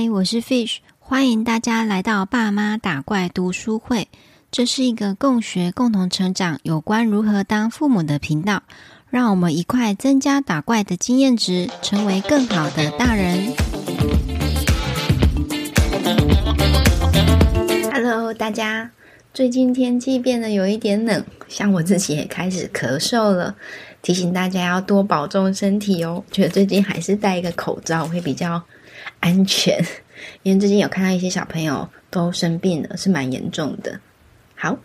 嗨，Hi, 我是 Fish，歡迎大家來到爸媽打怪讀書會。這是一個共學、共同成長有關如何當父母的頻道，讓我們一塊增加打怪的經驗值，成為更好的大人。Hello，大家，最近天氣變得有一點冷，像我自己也開始咳嗽了，提醒大家要多保重身體哦。覺得最近還是戴一個口罩會比較。安全，因為最近有看到一些小朋友都生病了，是蠻嚴重的。好，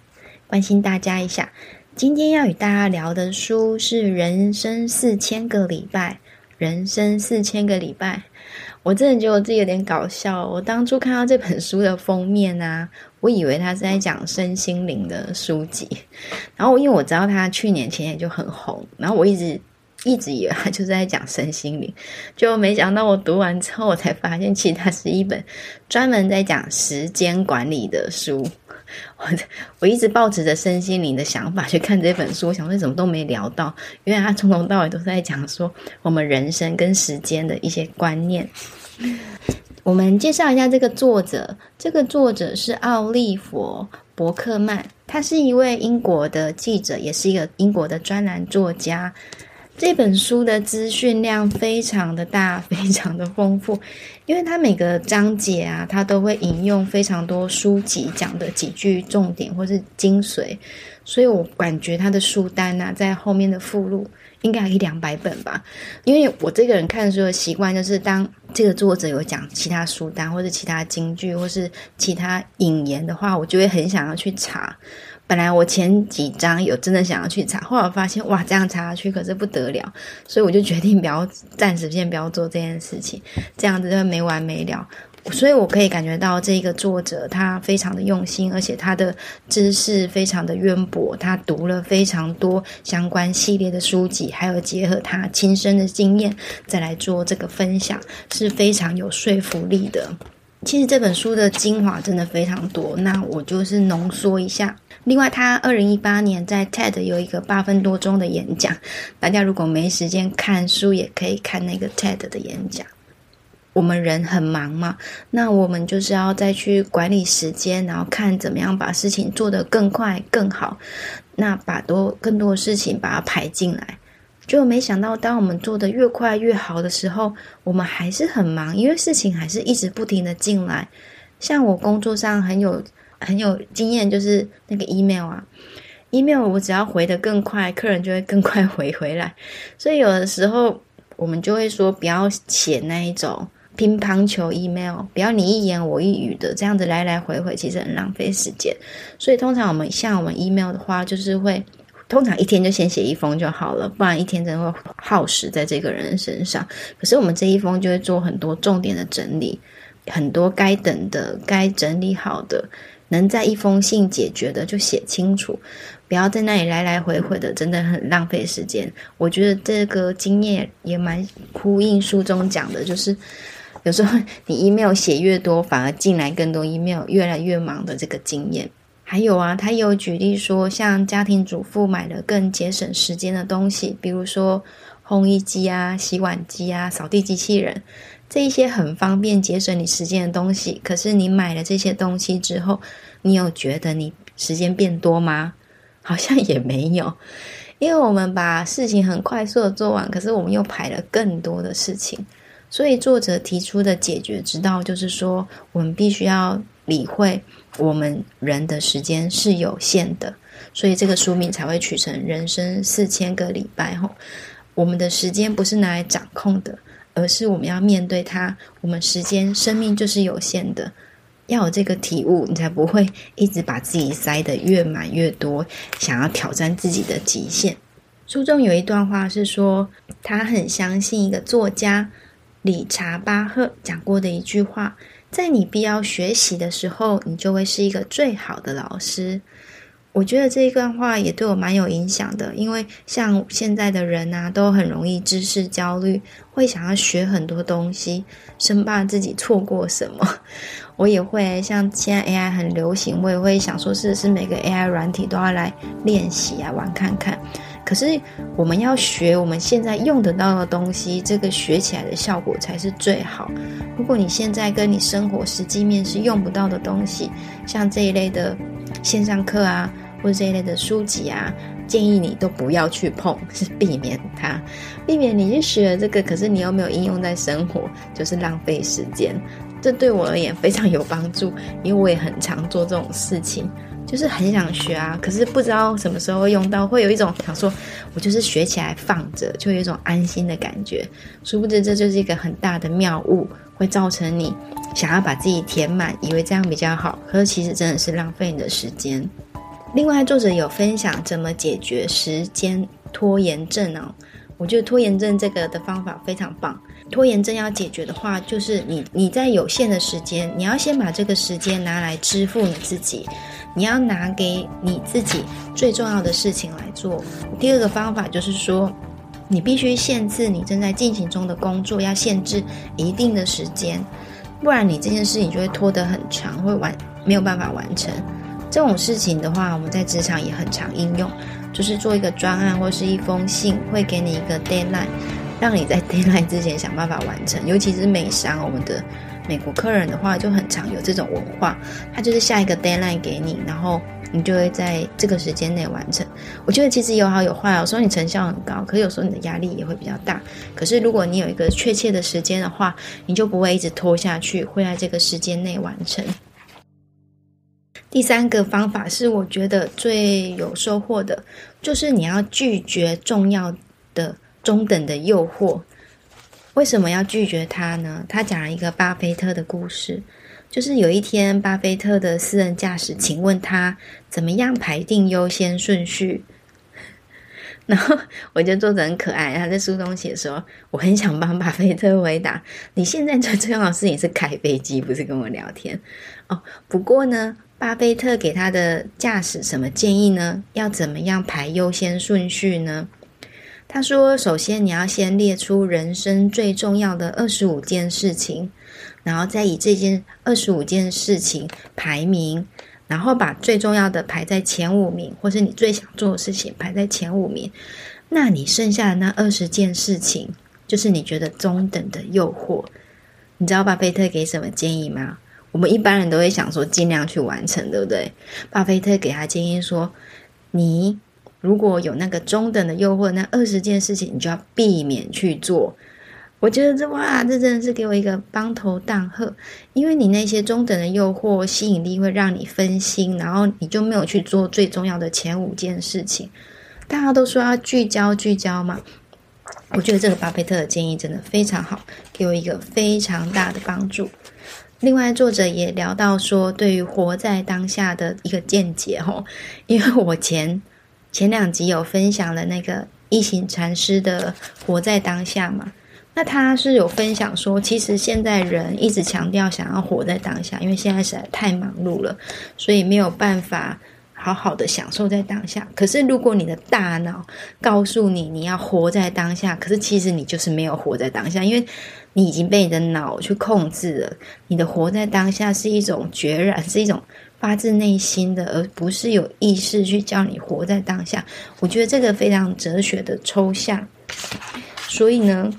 關心大家一下。今天要與大家聊的書是《人生四千個禮拜》。人生四千個禮拜，我真的覺得我自己有點搞笑哦。我當初看到這本書的封面啊，我以為他是在講身心靈的書籍。然後，因為我知道他去年前年就很紅，然後我一直。一直以為他就是在講身心靈，就沒想到我讀完之後，我才發現其實他是一本專門在講時間管理的書。我我一直抱持着身心靈的想法去看這本書，我想為什麼都沒聊到？因為他從頭到尾都是在講說我們人生跟時間的一些觀念。 我們介紹一下這個作者，這個作者是奧利佛·伯克曼，他是一位英國的記者，也是一個英國的專欄作家。這本書的資訊量非常的大，非常的豐富，因為它每個章節啊，它都會引用非常多書籍講的幾句重點或是精髓，所以我感覺它的書單吶、啊，在後面的附錄應該還有一兩百本吧。因為我這個人看書的習慣，就是當這個作者有講其他書單，或者其他金句，或是其他引言的話，我就會很想要去查。本來我前幾章有真的想要去查，後來我發現哇，這樣查下去可是不得了，所以我就決定不要暫時先不要做這件事情，這樣子就會沒完沒了。所以我可以感覺到這個作者他非常的用心，而且他的知識非常的淵博，他讀了非常多相關系列的書籍，還有結合他親身的經驗再來做這個分享，是非常有說服力的。其實這本書的精華真的非常多，那我就是濃縮一下。另外，他二零一八年在 TED 有一個八分多鐘的演講，大家如果沒時間看書，也可以看那個 TED 的演講。我們人很忙嘛，那我們就是要再去管理時間，然後看怎麼樣把事情做得更快，更好,那把多，更多的事情把它排進來。就沒想到，當我們做的越快越好的時候，我們還是很忙，因為事情還是一直不停的進來。像我工作上很有很有經驗，就是那個 email 啊，email 我只要回的更快，客人就會更快回回來。所以有的時候我們就會說，不要寫那一種乒乓球 email，不要你一言我一語的這樣子來來回回，其實很浪費時間。所以通常我們像我們 email 的話，就是會。通常一天就先寫一封就好了，不然一天真的會耗時在這個人身上。可是我們這一封就會做很多重點的整理，很多該等的、該整理好的，能在一封信解決的就寫清楚，不要在那裡來來回回的，真的很浪費時間。我覺得這個經驗也蠻呼應書中講的，就是有時候你 email 寫越多，反而進來更多 email，越來越忙的這個經驗。還有啊，他有舉例說，像家庭主婦買了更節省時間的東西，比如說烘衣機啊、洗碗機啊、掃地機器人，這一些很方便節省你時間的東西。可是你買了這些東西之後，你有覺得你時間變多嗎？好像也沒有，因為我們把事情很快速的做完，可是我們又排了更多的事情。所以作者提出的解決之道就是說，我們必須要。理會我們人的時間是有限的，所以這個書名才會取成“人生四千個禮拜”。吼，我們的時間不是拿來掌控的，而是我們要面對它。我們時間、生命就是有限的，要有這個體悟，你才不會一直把自己塞得越滿越多，想要挑戰自己的極限。書中有一段話是說，他很相信一個作家理查巴赫講過的一句話。在你必要學習的時候，你就會是一個最好的老師。我覺得這一段話也對我蠻有影響的，因為像現在的人啊，都很容易知識焦慮，會想要學很多東西，生怕自己錯過什麼。我也會像現在 AI 很流行，我也會想說，是不是每個 AI 軟體都要來練習啊，玩看看。可是我們要學我們現在用得到的東西，這個學起來的效果才是最好。如果你現在跟你生活實際面是用不到的東西，像這一類的線上課啊，或者這一類的書籍啊，建議你都不要去碰，是避免它，避免你去學了這個，可是你又沒有應用在生活，就是浪費時間。這對我而言非常有幫助，因為我也很常做這種事情。就是很想學啊，可是不知道什麼時候會用到，會有一種想說，我就是學起來放着，就有一種安心的感覺。殊不知，這就是一個很大的謬誤，會造成你想要把自己填滿，以為這樣比較好，可是其實真的是浪費你的時間。另外，作者有分享怎麼解決時間拖延症呢、哦？我覺得拖延症這個的方法非常棒。拖延症要解決的話，就是你你在有限的時間，你要先把這個時間拿來支付你自己，你要拿給你自己最重要的事情來做。第二個方法就是說，你必須限制你正在進行中的工作，要限制一定的時間，不然你這件事情就會拖得很長，會完沒有辦法完成。這種事情的話，我們在職場也很常應用。就是做一個專案或是一封信，會給你一個 deadline，讓你在 deadline 之前想辦法完成。尤其是美商，我們的美國客人的話，就很常有這種文化，他就是下一個 deadline 給你，然後你就會在這個時間內完成。我覺得其實有好有壞，有時候你成效很高，可有時候你的壓力也會比較大。可是如果你有一個確切的時間的話，你就不會一直拖下去，會在這個時間內完成。第三個方法是我覺得最有收穫的，就是你要拒絕重要的、中等的誘惑。為什麼要拒絕他呢？他講了一個巴菲特的故事，就是有一天巴菲特的私人駕駛請問他怎麼樣排定優先順序。然後我覺得作者很可愛，他在書中寫說：“我很想幫巴菲特回答，你現在最重要的事情是開飛機，不是跟我聊天哦。”不過呢，巴菲特給他的駕駛什麼建議呢？要怎麼樣排優先順序呢？他說：“首先你要先列出人生最重要的二十五件事情，然後再以這件二十五件事情排名。”然後把最重要的排在前五名，或是你最想做的事情排在前五名，那你剩下的那二十件事情，就是你覺得中等的誘惑。你知道巴菲特給什麼建議嗎？我們一般人都會想說儘量去完成，對不對？巴菲特給他建議說，你如果有那個中等的誘惑，那二十件事情你就要避免去做。我覺得這哇，這真的是給我一個當頭棒喝，因為你那些中等的誘惑吸引力會讓你分心，然後你就沒有去做最重要的前五件事情。大家都說要聚焦，聚焦嘛。我覺得這個巴菲特的建議真的非常好，給我一個非常大的幫助。另外，作者也聊到說，對於活在當下的一個見解哦，因為我前前兩集有分享了那個一行禪師的活在當下嘛。那他是有分享說，其實現在人一直強調想要活在當下，因為現在實在太忙碌了，所以沒有辦法好好的享受在當下。可是，如果你的大腦告訴你你要活在當下，可是其實你就是沒有活在當下，因為你已經被你的腦去控制了。你的活在當下是一種決然，是一種發自內心的，而不是有意識去叫你活在當下。我覺得這個非常哲學的抽象，所以呢。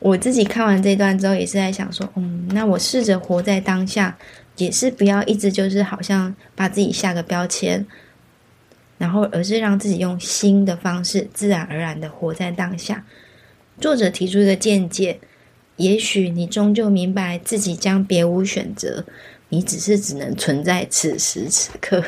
我自己看完這段之後，也是在想說，嗯，那我試着活在當下，也是不要一直就是好像把自己下個標籤，然後而是讓自己用新的方式，自然而然的活在當下。作者提出的見解，也許你終究明白自己將別無選擇，你只是只能存在此時此刻。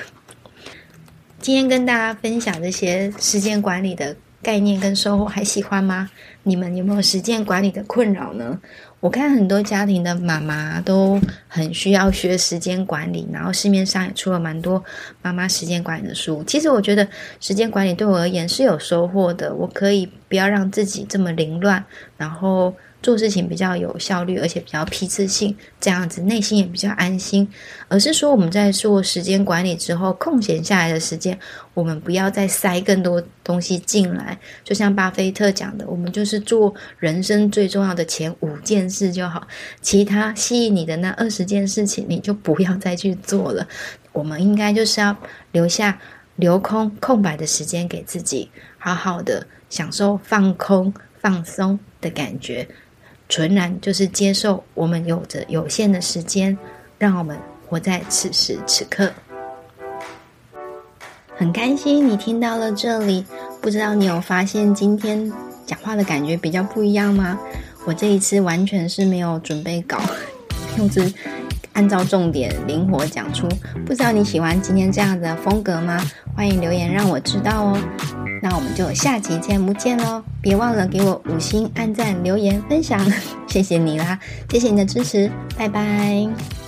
今天跟大家分享這些時間管理的。概念跟收穫還喜歡嗎？你們有沒有時間管理的困擾呢？我看很多家庭的媽媽都很需要學時間管理，然後市面上也出了蠻多媽媽時間管理的書。其實我覺得時間管理對我而言是有收穫的，我可以不要讓自己這麼凌亂，然後。做事情比較有效率，而且比較批次性，這樣子內心也比較安心。而是說，我們在做時間管理之後，空閒下來的時間，我們不要再塞更多東西進來。就像巴菲特講的，我們就是做人生最重要的前五件事就好，其他吸引你的那二十件事情，你就不要再去做了。我們應該就是要留下留空空空白的時間給自己，好好的享受放空放鬆的感覺。純然就是接受，我們有着有限的時間，讓我們活在此時此刻。很開心你聽到了這裡，不知道你有發現今天講話的感覺比較不一樣嗎？我這一次完全是沒有準備稿，用之按照重點靈活講出。不知道你喜歡今天這樣的風格嗎？歡迎留言讓我知道哦。那我們就下期節目見嘍！別忘了給我五星、按讚、留言、分享，謝謝你啦，謝謝你的支持，拜拜。